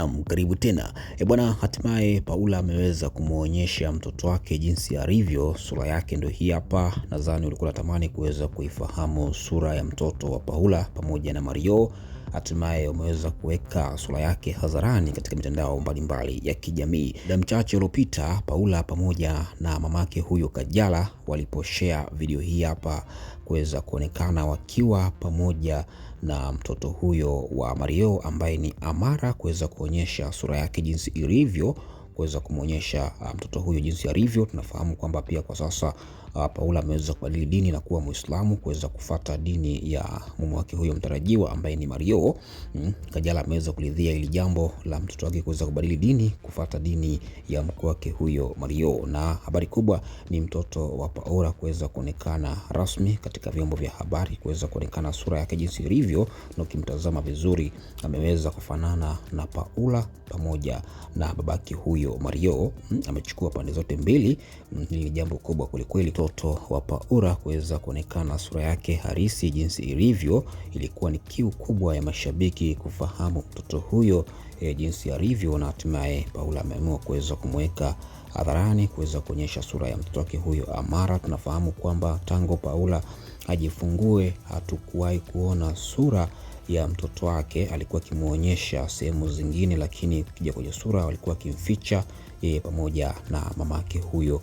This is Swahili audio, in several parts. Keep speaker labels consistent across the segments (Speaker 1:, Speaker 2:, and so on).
Speaker 1: Naam, karibu tena. E bwana, hatimaye Paula ameweza kumwonyesha mtoto wake jinsi alivyo. Sura yake ndio hii hapa. Nadhani ulikuwa unatamani kuweza kuifahamu sura ya mtoto wa Paula pamoja na Mario hatimaye umeweza kuweka sura yake hadharani katika mitandao mbalimbali ya kijamii. Muda mchache uliopita, Paula pamoja na mamake huyo Kajala waliposhea video hii hapa kuweza kuonekana wakiwa pamoja na mtoto huyo wa mario ambaye ni Amara, kuweza kuonyesha sura yake jinsi ilivyo kuweza kumwonyesha ah, mtoto huyo jinsi alivyo. Tunafahamu kwamba pia kwa sasa uh, Paula ameweza kubadili dini na kuwa Muislamu, kuweza kufata dini ya mume wake huyo mtarajiwa ambaye ni Mario. Mm, Kajala ameweza kulidhia ili jambo la mtoto wake kuweza kubadili dini, kufata dini ya mke wake huyo Mario, na habari kubwa ni mtoto wa Paula kuweza kuonekana rasmi katika vyombo vya habari, kuweza kuonekana sura yake jinsi ilivyo, na ukimtazama vizuri ameweza kufanana na Paula pamoja na babake huyo. Mario. Mario hmm, amechukua pande zote mbili. Hmm, hili ni jambo kubwa kwelikweli. Mtoto wa Paula kuweza kuonekana sura yake harisi jinsi ilivyo, ilikuwa ni kiu kubwa ya mashabiki kufahamu mtoto huyo e, jinsi alivyo, na hatimaye Paula ameamua kuweza kumweka hadharani kuweza kuonyesha sura ya mtoto wake huyo Amara. Tunafahamu kwamba tangu Paula ajifungue hatukuwahi kuona sura ya mtoto wake, alikuwa akimwonyesha sehemu zingine, lakini ukija kwenye sura walikuwa akimficha yeye pamoja na mamake huyo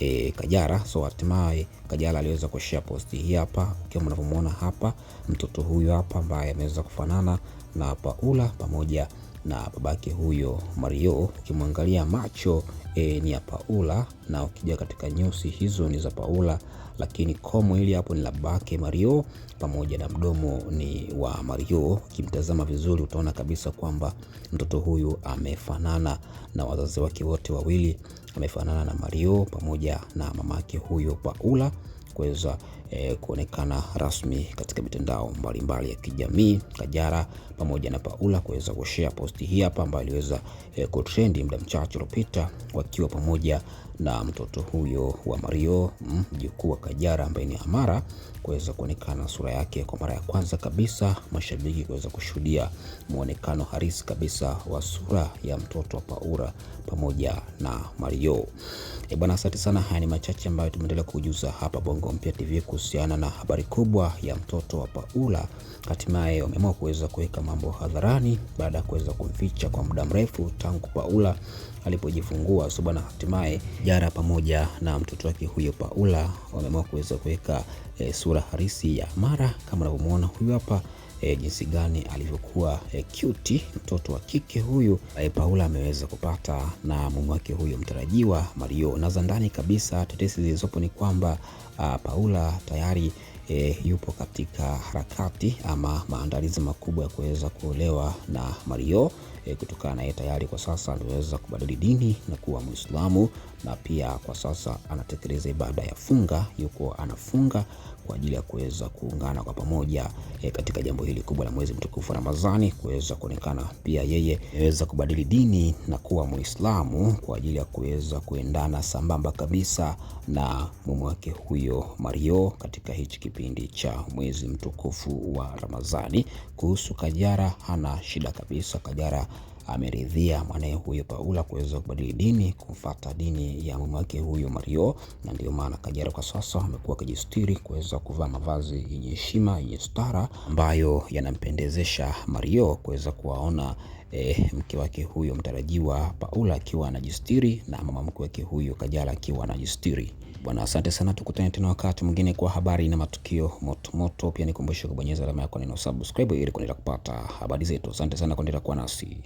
Speaker 1: E, Kajala. So hatimaye Kajala aliweza kushare posti hii hapa, ukiwa mnavyomwona hapa, mtoto huyu hapa ambaye ameweza kufanana na Paula pamoja na babake huyo Mario. Ukimwangalia macho e, ni ya Paula, na ukija katika nyusi hizo ni za Paula, lakini komo hili hapo ni la babake Mario, pamoja na mdomo ni wa Mario. Ukimtazama vizuri, utaona kabisa kwamba mtoto huyu amefanana na wazazi wake wote wawili, amefanana na Mario pamoja na mamake huyo Paula kuweza e, kuonekana rasmi katika mitandao mbalimbali ya kijamii. kajara pamoja na Paula kuweza kushare posti hii hapa ambayo iliweza ku eh, kutrendi muda mchache uliopita wakiwa pamoja na mtoto huyo wa Mario mm, mjukuu wa kajara ambaye ni Amara kuweza kuonekana sura yake kwa mara ya kwanza kabisa, mashabiki kuweza kushuhudia muonekano harisi kabisa wa sura ya mtoto wa Paula pamoja na Mario. E bwana, asante sana. Haya ni machache ambayo tumeendelea kujuza hapa Bongo Mpya TV kuhusiana na habari kubwa ya mtoto wa Paula. Hatimaye wameamua kuweza kuweka mambo hadharani baada ya kuweza kumficha kwa muda mrefu tangu Paula alipojifungua. So bwana, hatimaye Jara pamoja na mtoto wake huyo Paula wameamua kuweza kuweka e, sura harisi ya Mara kama unavyomwona huyu hapa. E, jinsi gani alivyokuwa e, cute mtoto wa kike huyu e, Paula ameweza kupata na mume wake huyo mtarajiwa Mario. Na za ndani kabisa tetesi zilizopo ni kwamba a, ah, Paula tayari e, yupo katika harakati ama maandalizi makubwa ya kuweza kuolewa na Mario e, kutokana yeye tayari kwa sasa aliweza kubadili dini na kuwa Mwislamu, na pia kwa sasa anatekeleza ibada ya funga, yuko anafunga kwa ajili ya kuweza kuungana kwa pamoja e, katika jambo hili kubwa la mwezi mtukufu Ramadhani, kuweza kuonekana pia yeye ameweza kubadili dini na kuwa Muislamu kwa ajili ya kuweza kuendana sambamba kabisa na mume wake huyo Mario katika hichi kipindi cha mwezi mtukufu wa Ramadhani. Kuhusu kajara hana shida kabisa. kajara ameridhia mwanaye huyo Paula kuweza kubadili dini, kumfata dini ya mume wake huyo Mario, na ndio maana kajara kwa sasa amekuwa akijistiri kuweza kuvaa mavazi yenye heshima, yenye stara ambayo yanampendezesha Mario kuweza kuwaona eh, mke wake huyo mtarajiwa Paula akiwa anajistiri na mama mkwe wake huyo Kajala akiwa anajistiri. Bwana, asante sana, tukutane tena wakati mwingine kwa habari na matukio motomoto. Pia nikumbushe kubonyeza alama yako neno subscribe ili kuendelea kupata habari zetu. Asante sana kuendelea kuwa nasi.